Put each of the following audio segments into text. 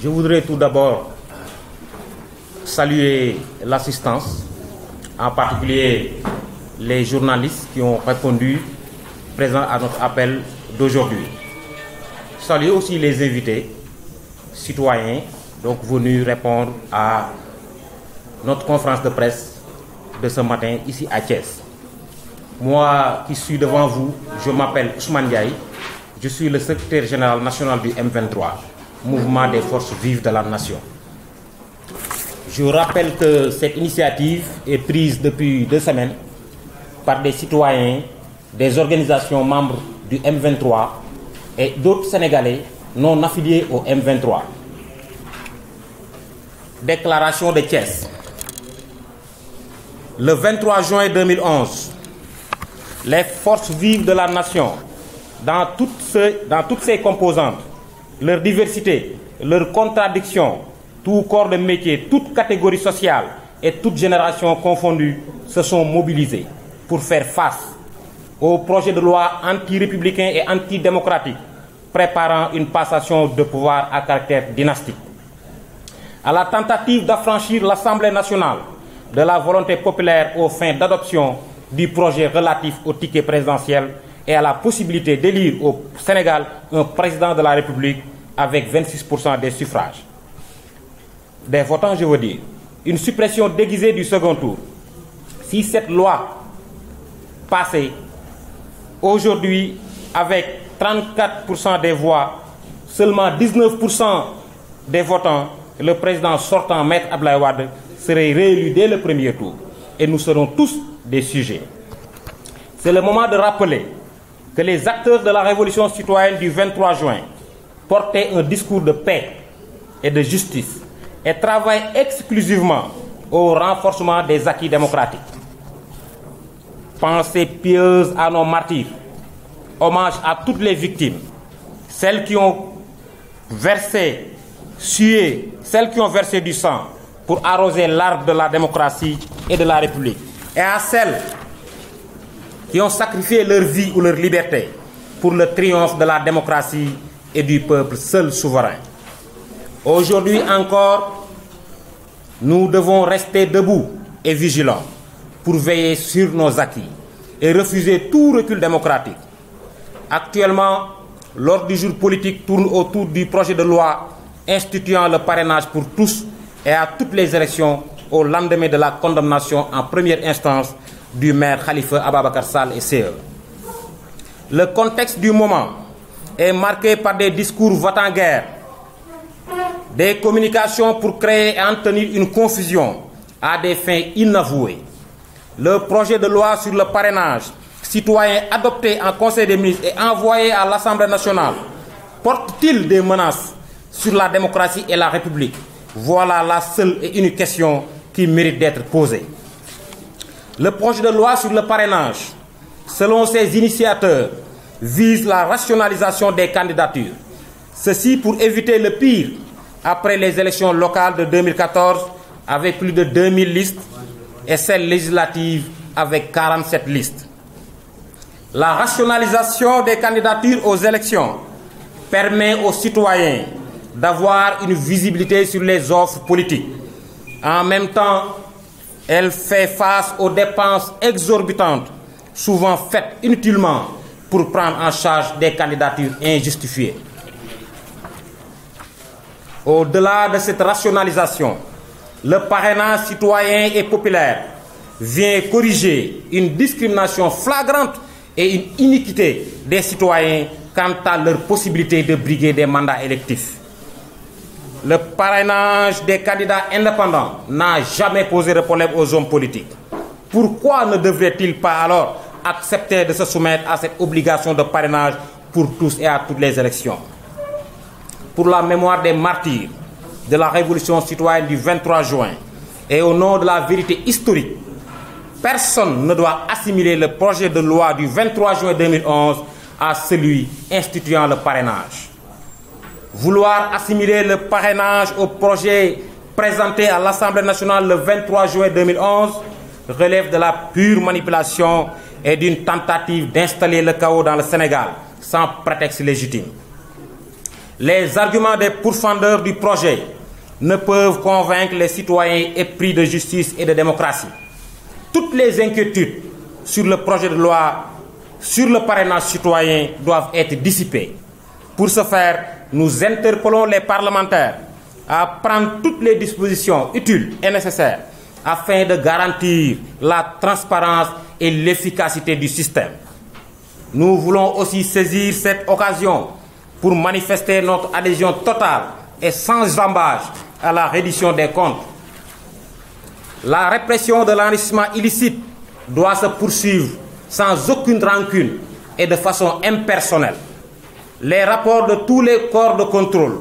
Je voudrais tout d'abord saluer l'assistance, en particulier les journalistes qui ont répondu présents à notre appel d'aujourd'hui. Saluer aussi les invités, citoyens, donc venus répondre à notre conférence de presse de ce matin ici à Thiès. Moi qui suis devant vous, je m'appelle Ousmane Diaye, je suis le secrétaire général national du M23 mouvement des forces vives de la nation. Je rappelle que cette initiative est prise depuis deux semaines par des citoyens, des organisations membres du M23 et d'autres Sénégalais non affiliés au M23. Déclaration de Thiès. Le 23 juin 2011, les forces vives de la nation, dans toutes ses composantes, leur diversité, leurs contradictions, tout corps de métier, toute catégorie sociale et toute génération confondue se sont mobilisés pour faire face au projet de loi anti-républicain et antidémocratique préparant une passation de pouvoir à caractère dynastique. À la tentative d'affranchir l'Assemblée nationale de la volonté populaire aux fins d'adoption du projet relatif au ticket présidentiel et à la possibilité d'élire au Sénégal un président de la République avec 26% des suffrages. Des votants, je veux dire, une suppression déguisée du second tour. Si cette loi passait, aujourd'hui, avec 34% des voix, seulement 19% des votants, le président sortant, Maître Ablaïwad, serait réélu dès le premier tour. Et nous serons tous des sujets. C'est le moment de rappeler que les acteurs de la révolution citoyenne du 23 juin portaient un discours de paix et de justice et travaillent exclusivement au renforcement des acquis démocratiques. Pensée pieuse à nos martyrs, hommage à toutes les victimes, celles qui ont versé, sué, celles qui ont versé du sang pour arroser l'arbre de la démocratie et de la République, et à celles qui ont sacrifié leur vie ou leur liberté pour le triomphe de la démocratie et du peuple seul souverain. Aujourd'hui encore, nous devons rester debout et vigilants pour veiller sur nos acquis et refuser tout recul démocratique. Actuellement, l'ordre du jour politique tourne autour du projet de loi instituant le parrainage pour tous et à toutes les élections au lendemain de la condamnation en première instance du maire Khalifa Ababakar Sall et CE. Le contexte du moment est marqué par des discours votant guerre des communications pour créer et en tenir une confusion à des fins inavouées. Le projet de loi sur le parrainage citoyen adopté en Conseil des ministres et envoyé à l'Assemblée nationale porte-t-il des menaces sur la démocratie et la République Voilà la seule et unique question qui mérite d'être posée. Le projet de loi sur le parrainage, selon ses initiateurs, vise la rationalisation des candidatures. Ceci pour éviter le pire après les élections locales de 2014 avec plus de 2000 listes et celles législatives avec 47 listes. La rationalisation des candidatures aux élections permet aux citoyens d'avoir une visibilité sur les offres politiques. En même temps, elle fait face aux dépenses exorbitantes, souvent faites inutilement pour prendre en charge des candidatures injustifiées. Au-delà de cette rationalisation, le parrainage citoyen et populaire vient corriger une discrimination flagrante et une iniquité des citoyens quant à leur possibilité de briguer des mandats électifs. Le parrainage des candidats indépendants n'a jamais posé de problème aux hommes politiques. Pourquoi ne devrait-il pas alors accepter de se soumettre à cette obligation de parrainage pour tous et à toutes les élections Pour la mémoire des martyrs de la révolution citoyenne du 23 juin et au nom de la vérité historique, personne ne doit assimiler le projet de loi du 23 juin 2011 à celui instituant le parrainage vouloir assimiler le parrainage au projet présenté à l'Assemblée nationale le 23 juin 2011 relève de la pure manipulation et d'une tentative d'installer le chaos dans le Sénégal sans prétexte légitime. Les arguments des pourfendeurs du projet ne peuvent convaincre les citoyens épris de justice et de démocratie. Toutes les inquiétudes sur le projet de loi sur le parrainage citoyen doivent être dissipées. Pour ce faire, nous interpellons les parlementaires à prendre toutes les dispositions utiles et nécessaires afin de garantir la transparence et l'efficacité du système. Nous voulons aussi saisir cette occasion pour manifester notre adhésion totale et sans jambage à la reddition des comptes. La répression de l'enrichissement illicite doit se poursuivre sans aucune rancune et de façon impersonnelle les rapports de tous les corps de contrôle,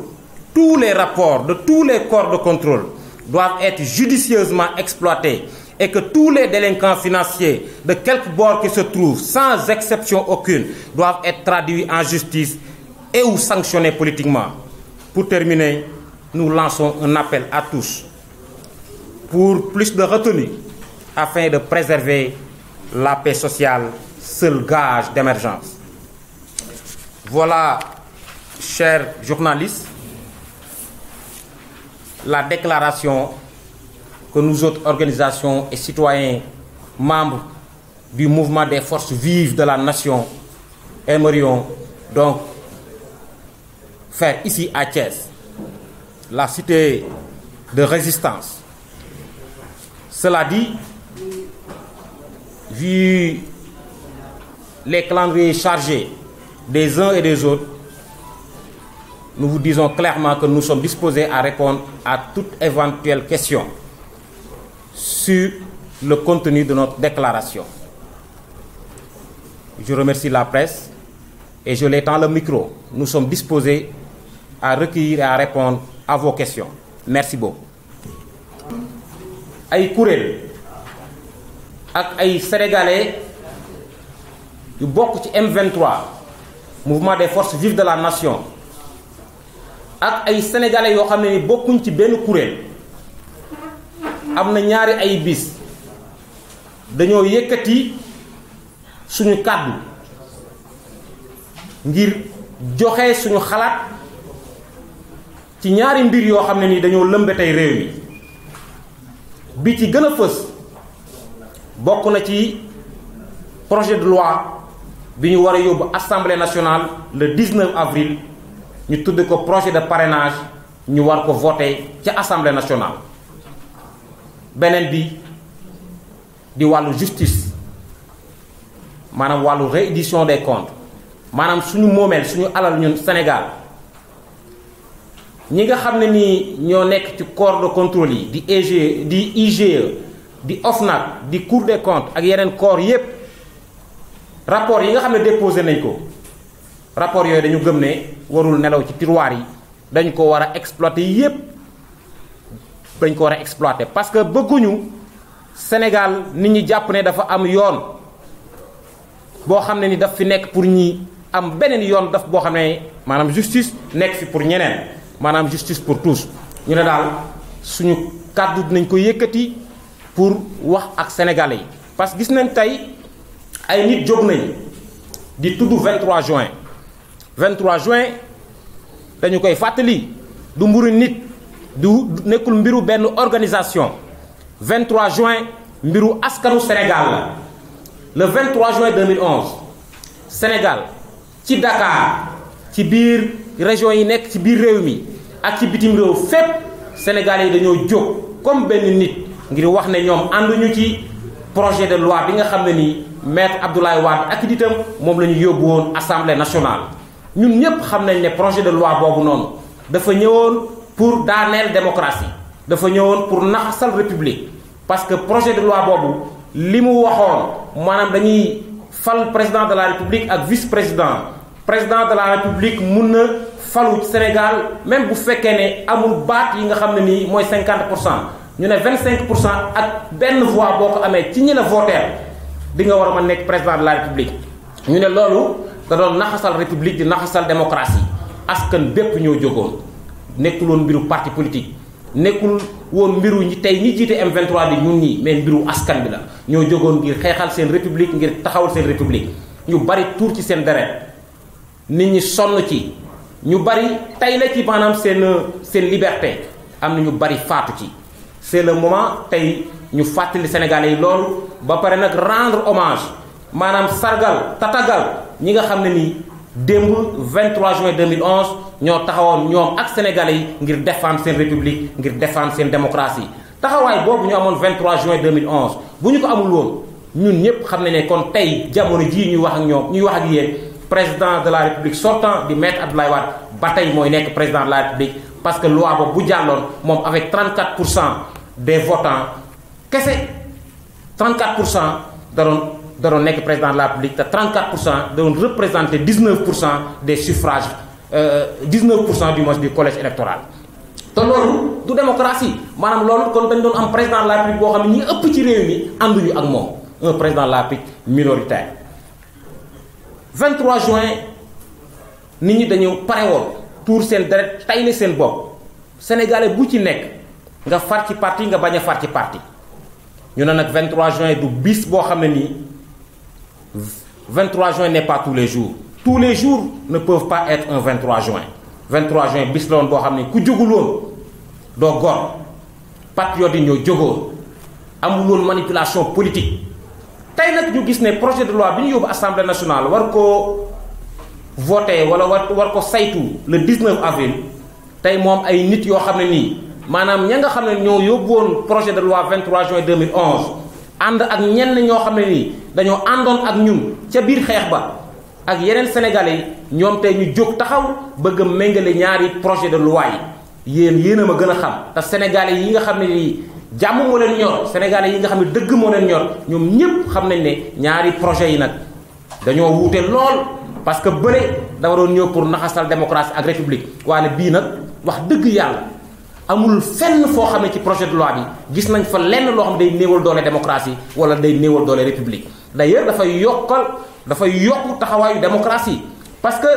tous les rapports de tous les corps de contrôle doivent être judicieusement exploités et que tous les délinquants financiers, de quelque bord qu'ils se trouvent, sans exception aucune, doivent être traduits en justice et ou sanctionnés politiquement. Pour terminer, nous lançons un appel à tous pour plus de retenue afin de préserver la paix sociale, seul gage d'émergence. Voilà, chers journalistes, la déclaration que nous autres organisations et citoyens membres du mouvement des forces vives de la nation aimerions donc faire ici à Thiès, la cité de résistance. Cela dit, vu les calendriers chargés des uns et des autres, nous vous disons clairement que nous sommes disposés à répondre à toute éventuelle question sur le contenu de notre déclaration. Je remercie la presse et je l'étends le micro. Nous sommes disposés à recueillir et à répondre à vos questions. Merci beaucoup. Aïe M23 mouvement des forces vives de la nation ak ay sénégalais yo xamné ni bokkuñ ci benn kuréel amna ñaari ay bis dañoo yëkkati suñu cadre ngir projet de loi nous avons war assemblée nationale le 19 avril ñu tudd ko projet de parrainage Nous war ko voté l'Assemblée assemblée nationale beneen bi di la justice maanaam la réédition des comptes maanaam suñu moomeel suñu alal ñun Sénégal ñi nga xam ne ni ñoo nekk corps de contrôle yi di IGE di e, OFNAC di cour des comptes ak yeneen corps yépp rapport yi nga xam déposer nañ ko rapport yoy dañu gëm ne warul nelaw ci tiroir yi dañ ko wara exploiter yépp bañ ko wara exploiter parce que bëgguñu sénégal nit ñi japp ne dafa am yoon bo xam ni daf fi nekk pour ñi am benen yoon daf bo xam manam justice nekk fi pour ñeneen manam justice pour tous ñu ne dal suñu kaddu nañ ko yëkëti pour wax ak sénégalais parce gis nañ tay ay nit dit tout di 23 juin 23 juin dañu koy fàttali du mburu nit du nekul mbiru ben organisation 23 juin mbiru askanu Sénégal le 23 juin 2011 Sénégal ci Dakar ci biir région yi nekk ci biir réew ak ci bitim Sénégalais comme benn nit ngir wax ne projet de loi bi nga maître Abdoulaye Wade ak nitam mom lañu ñu won assemblée nationale. ñun ñëpp xam nañ né projet de loi bobu non dafa ñëwoon pour daaneel démocratie dafa ñëwoon pour naxal république parce que projet de loi bobu limu mu waxoon maanaam dañuy fal président de la république ak vice président. président de la république mun na falu Sénégal même bu fekkee ne amul baat yi nga xam ne nii mooy 50 pour cent ne 25 pour cent ak benn voix boo ko amee ci ñi la di nga war a mën nekk président de la république ñu ne loolu da doon naxasal république di naxasal démocratie askan bépp ñoo jógoon nekkul woon mbiru parti politique nekkul woon mbiru ñi tey ñi jiite M23 bi ñu ñi mais mbiru askan bi la ñoo jógoon ngir xeexal seen république ngir taxawal seen république ñu bari tuur ci seen deret nit ñi sonn ci ñu bari tey la ci maanaam seen seen liberté am na ñu bari faatu ci c'est le moment tey ñu fàttali Sénégalais yi loolu ba pare nag rendre hommage maanaam sargal tatagal ñi nga xam ne démb 23 juin 2011 ñoo taxawoon ñoom ak Sénégalais yi ngir défendre seen république ngir défendre seen démocratie taxawaay boobu ñu amoon 23 juin 2011 bu ñu ko amul woon ñun ñëpp xam ne ne kon tey jamono jii ñuy wax ak ñoom ñuy wax ak président de la république sortant di maître Abdoulaye Wade ba tey mooy nekk président de la république parce que loi boobu bu avec 34 des votants. Qu'est-ce que c'est 34% président de la République 34 de représenter 19 des suffrages 19 euh, du moins du collège électoral. te lolu démocratie Madame lolu kon dañ doon am président de la République on a un petit ëpp ci réew un président de la République minoritaire. 23 juin nit ñi dañu paré wol de sen deret tayne sen sénégalais bu ci nek nga far ci parti nga parti ñu y a 23 juin du bis le xamné 23 juin n'est pas tous les jours tous les jours ne peuvent pas être un 23 juin 23 juin bis la bo xamné ku won do gor patriote ñoo amul manipulation politique tay nak ñu gis projet de loi bi ñu assemblée nationale war ko voté wala war ko saytu le 19 avril tay mom ay nit yo xamné ni maanaam ña nga xam ne ñoo yóbbuwoon projet de loi 23 juin 2011 ànd ak ñenn ñoo xam ne nii dañoo àndoon ak ñun ca biir xeex ba ak yeneen sénégalais yi ñoom tey ñu jóg taxaw bëgg a méngale ñaari projet de loi yi yéen yéen a ma gën a xam te sénégalais yi nga xam ne nii jàmm moo leen ñor sénégalais yi nga xam ne dëgg moo leen ñor ñoom ñépp xam nañ ne ñaari projet yi nag dañoo wuute lool parce que bëre dafa doon ñëw pour naxasal démocratie ak république waaye bii nag wax dëgg yàlla amul fenn foo xam ne ci projet de loi bi gis nañ fa lenn loo xam ne day néewal doole démocratie wala day néewal doole république d'ailleurs dafay yokkal dafay yokk taxawaayu démocratie parce que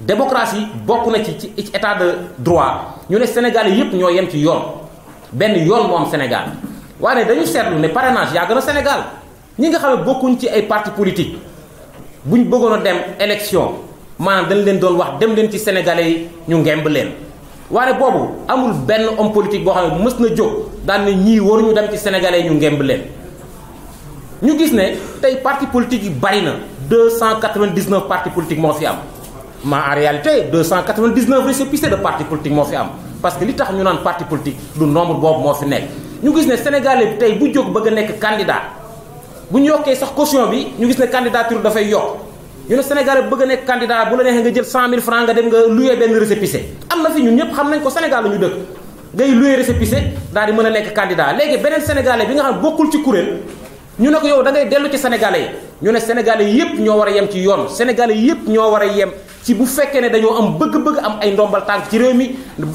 démocratie bokk na ci ci état de droit ñu ne Sénégal yépp ñoo yem ci yoon benn yoon moo am Sénégal waaye ne dañu seetlu ne parrainage yaa gën a Sénégal ñi nga xam ne bokkuñ ci ay parti politique buñ bëggoon a dem élection maanaam dañ leen doon wax dem leen ci sénégalais yi ñu ngemb leen. waaye boobu amul benn homme politique boo xam ne mës na jóg daan ne ñii waruñu dem ci sénégalais ñu ngemb leen ñu gis ne tey parti politique yi bari na 299 parti politique moo fi am mais en réalité 299 récépissé de parti politique moo fi am parce que li tax ñu naan parti politique du nombre boobu moo fi nekk ñu gis ne sénégalais bi tey bu jóg bëgg a nekk candidat bu ñu yokkee sax caution bi ñu gis ne candidature dafay yokk ñu ne Sénégal bëgg a nekk candidat bu la neexee nga jël 100000 francs nga dem nga loué benn récépissé am na fi ñun ñëpp xam nañ ko Sénégal la ñu dëkk ngay loué récépissé daal di mën a nekk candidat léegi beneen sénégalais bi nga xam bokkul ci kuréel ñu ne ko yow dangay dellu ci sénégalais yi ñu ne sénégalais yëpp ñoo war a yem ci yoon sénégalais yëpp ñoo war a yem ci bu qu'elle est d'ailleurs am bëgg-bëgg am ay ndombal tànk ci réew mi bu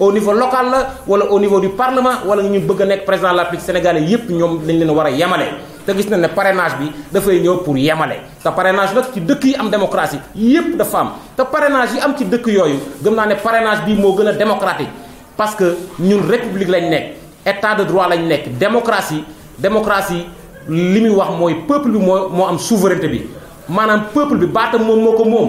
au niveau local la wala au niveau du parlement wala ñu bëgg a nekk président de la République sénégalais yépp les dañ leen war a yemale te gis na ne parrainage bi dafay pour yamale te parrainage nag ci dëkk yi am démocratie yépp de femmes te parrainage yi am ci dëkk yooyu gëm naa ne parrainage bi moo gën démocratie parce que une république lañ état de droit lañ démocratie démocratie limi wax moy peuple bi mo am souveraineté bi manam peuple bi baatam mom moko mom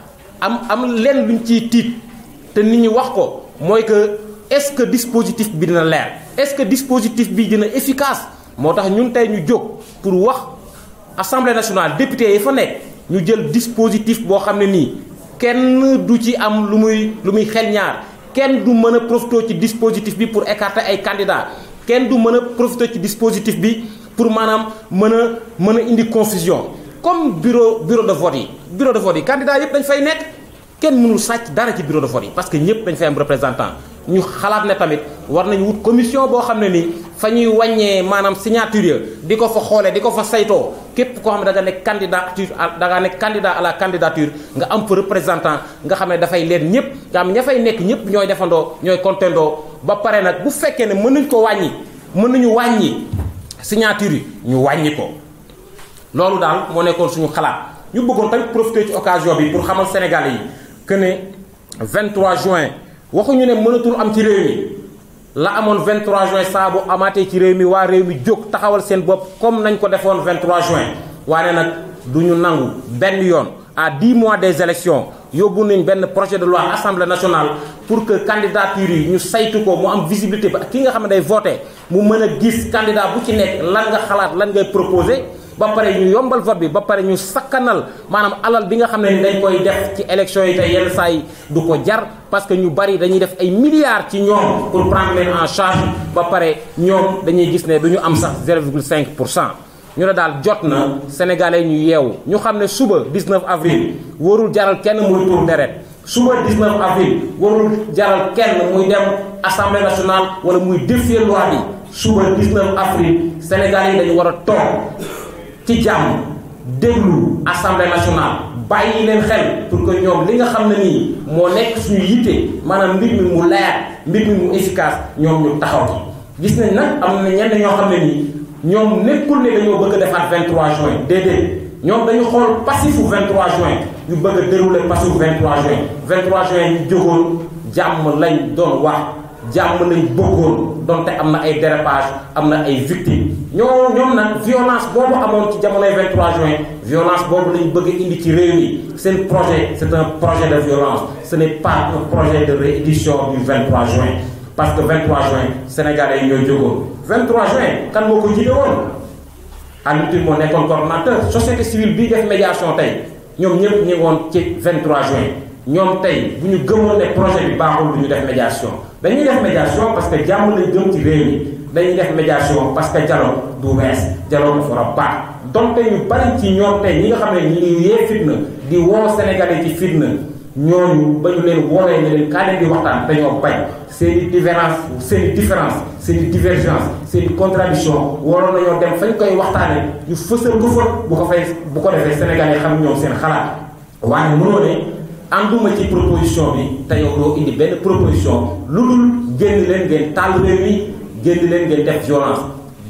am am len luñ peu, tiit te nit que est-ce que dispositif bi dina est-ce que dispositif bi dina efficace Nous ñun tay ñu pour wax assemblée nationale député yi fa dispositif bo xamné ne kenn am lu muy lu muy du dispositif bi pour écarter ay candidats kenn du a dispositif bi pour manam mëna mëna confusion comme bureau bureau de vote bureau de vote yi candidat yëpp dañ fay nekk kenn mënul sàcc dara ci bureau de vote yi parce que ñëpp dañ fay am représentant ñu xalaat ne tamit war nañu wut commission boo xam ne nii fa ñuy wàññee maanaam signature ya ko fa xoolee di ko fa saytoo képp koo xam ne da nga nekk candidature da la candidature nga am fa nga xam ne dafay leen ñëpp nga fay nekk ñëpp ñooy defandoo ñooy contendoo ba pare nag bu fekkee ne mën nañ ko wàññi mën nañu wàññi signature yi ñu wàññi ko loolu daal moo nekkoon suñu xalaat Nous avons profité profiter ci occasion pour xamal Sénégalais yi que le 23 juin nous avons mënatul am ci réew mi la le 23 juin saa bu amaatee ci réew mi waa réew mi jóg taxawal sen bopp comme nañ ko le 23 juin waaye nag du ñu nangu à 10 mois des élections avons nañ un projet de loi l'Assemblée nationale pour que candidature yi ñu saytu ko mu am visibilité ba ki nga xam voté mu a gis candidat bu ci nekk lan nga lan proposé ba pare ñu yombal ba ñu alal bi nga dañ parce que ñu bari dañuy def ay milliards pour prendre en charge ba pare ñoom gis 0,5 pour cent. ñu daal sénégalais ñu yeewu ñu suba 19 avril warul jaral kenn muy deret 19 avril jaral muy assemblée nationale wala muy défier loi bi suba 19 avril sénégalais ci jàmm déglu assemblée nationale bàyyi leen xel pour que ñom li nga xamné ni mo moo nekk suñu yité manam mbir mi mu leer mbir mi mu efficace ñom ñu taxaw ci gis nañ nak am na ñenn ñoo xamné ni ñom ñoom nekkul ne dañoo bëgg defaat 23 juin déedéet ñom dañu xool passifu 23 juin ñu bëgg a dérouler passifu 23 juin 23 juin ñu jógoon jamm lañ doon wax jàmm nañ bëggoon donte am na ay dérapage am na ay victimes ñoo ñoom nag violence boobu amoon ci le 23 juin violence boobu lañ bëgg indi ci réew mi seen projet c'est un projet de violence ce n'est pas un projet de réédition du 23 juin parce que 23 juin Sénégal est ñoo jógoon 23 juin kan moo ko jiite woon Alioune Tine moo nekkoon société civile bii def médiation tey ñoom ñëpp ñu ngi ci 23 juin ñoom tey bu ñu gëmoon projet bi baaxul du def médiation dañuy ben, def médiation parce que jàmm lay jëm ci réew mi dañuy def médiation parce que dialogue du wees dialogue dafa war a baax donte ñu bari ci ñoom tey ñi nga xam ne ñu ngi yee fitna di woo Sénégalais ci fitna ñooñu ba ñu leen woowee ne leen kaa leen di waxtaan dañoo bañ seen i différence seen i différence seen i divergence seen i contradiction waroon nañoo dem fañ koy waxtaanee ñu fësal ko fa bu ko fay bu ko defee Sénégalais xam ñoom seen xalaat waaye mënoo ne ànduma ci proposition bi te yow doo indi benn proposition lu dul génn leen ngeen taal réew mi génn leen ngeen def violence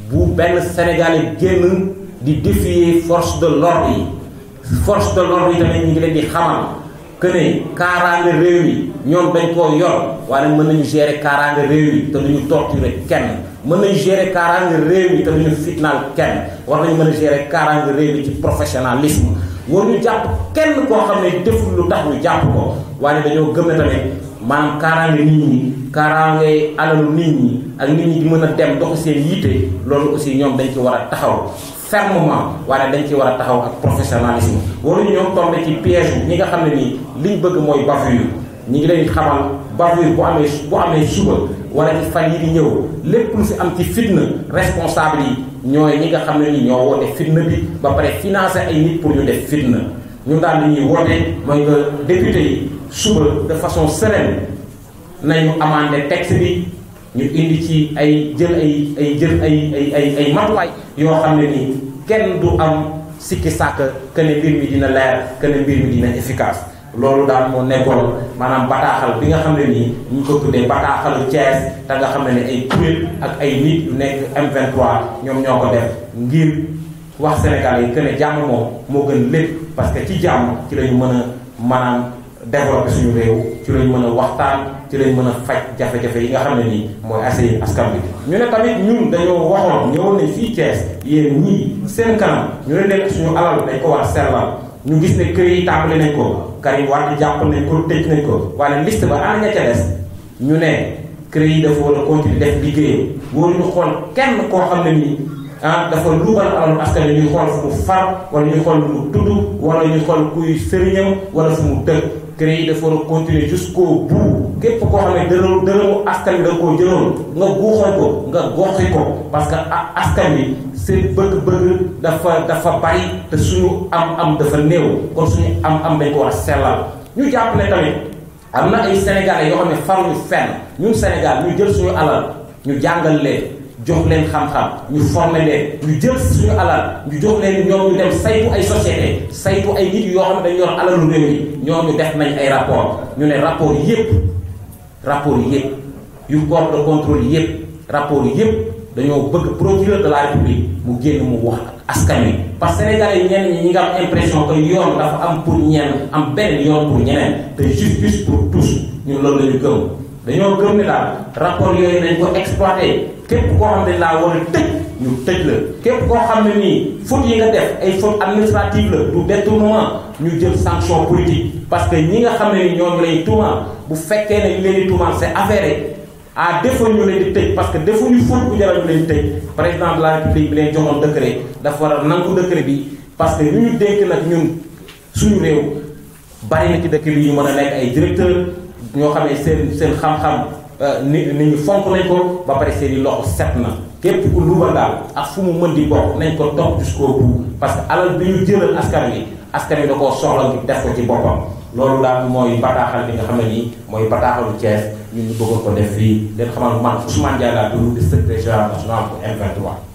bu benn sénégalais génn di défier force de l'ordre yi force de l'ordre yi tamit ngi leen di xamal que ne réew yi ñoom dañ koo yor waaye mën nañu gérer kaaraange réew yi te duñu torturer kenn mën nañu gérer kaaraange réew yi te duñu fitnaal kenn war nañu mën a gérer kaaraange réew yi ci professionnalisme waruñu jàpp kenn koo xam ne deful lu tax ñu jàpp ko waaye dañoo gëm ne tamit maanaam kaaraange nit ñi kaaraange alalu nit ñi ak nit ñi di mën a dem dox seen yiite loolu aussi ñoom dañ ci war a taxaw fermement waaye dañ ci war a taxaw ak professionnalisme ñu ñoom tombé ci piège ñi nga xam ne nii liñ bëgg mooy bavure ñi ngi leen xamal bavure bu amee bu amee suba wala ci fan yi ñëw lépp lu fi am ci fitna responsable yi ñoo ñi nga xam ne ni ñoo woote fitna bi ba pare financé ay nit pour ñu def fitna ñu daal li ñuy woote mooy nga député yi suba de façon sereine nañu amandé tex bi ñu indi ci ay jël ay ay jël ay ay ay ay matuwaay yoo xam ne ni kenn du am sikki sàkk que ne mbir mi dina leer que ne mbir mi dina efficace. loolu daal moo nekkoon maanaam bataaxal bi nga xam ne nii ñu ngi ko tuddee bataaxalu Thiès te nga xam ne ne ay kuréel ak ay nit yu nekk m ñoom ñoo ko def ngir wax Sénégal yi que ne jàmm moom moo gën lépp parce que ci jàmm ci la mën a maanaam développé suñu réew ci la mën a waxtaan ci lañ mën a faj jafe-jafe yi nga xam ne nii mooy assey askan bi ñu ne tamit ñu dañoo waxoon ñëwoon nañ fii Thiès yéen ñii seen kanam ñu ne leen suñu alal dañ ko war kër yi tàmbali nañ ko Karim Wade jàpp nañ ko tëj nañ ko waaye liste ba ànd ña ca des ñu ne CREI dafa war a continuer def liggéeyam wóor ñu xool kenn koo xam ne nii ah dafa luubal alalu askan wi ñuy xool fu mu far wala ñuy xool lu mu tudd wala ñuy xool kuy sëriñam wala fu mu dëkk. CREI dafa war a continuer jusqu'au bout képp koo xam ne dërëm dërëmu askan bi da koo jëloon nga guuxal ko nga goxi ko parce que askan bi seen bëgg-bëgg dafa dafa bari te suñu am-am dafa néew kon suñu am-am dañ ko war a sellal ñu jàpp ne tamit am na ay sénégalais yoo xam ne faruñu fenn ñun Sénégal ñu jël suñu alal ñu jàngal leen. jox leen xam-xam ñu avons leen ñu jël suñu alal ñu jox leen ñoom ñu dem saytu ay société saytu ay nit yoo xam ne dañu yor nous réew ñu def nañ ay rapport ñu ne rapport yépp rapport yépp yu corps de contrôle rapport yépp dañoo bëgg procureur de la république mu génn mu wax askan parce que sénégalais ñenn ñi nga am impression que nous avons am pour ñenn am benn yoon pour ñeneen justice pour tous ñun loolu Nous dañoo daal rapport yooyu képp koo xam ne laa war a tëj ñu tëj la képp koo xam ne nii faute yi nga def ay faute administrative la du détournement ñu jël sanction politique parce que ñi nga xam ne ni ñoom lay tuumaal bu fekkee ne ñu leen di tuumaal c'est affaire à défaut ñu leen di tëj parce que défaut ñu faute bu jaral ñu leen di tëj président de la république bi leen joxoon décret dafa war a nangu décret bi parce que ñu ñu dénk nag ñun suñu réew bari na ci dëkk bi ñu mën a nekk ay directeur ñoo xam ne seen seen xam-xam Euh, ni ni ñu fonk nañ ko ba pare seen i loxo set na képp ku luubal daal ak fu mu mën di bokk nañ ko topp jusqu'au bout parce que alal bi ñu jëlal askan wi askan yi da koo soxla ngi def ko ci boppam loolu daal mooy bataaxal bi nga xam ne nii mooy bataaxalu Thiès ñun ñu bëggoon ko def fii leen xamal man su Diallo laa tudd di secrétaire général national pour M23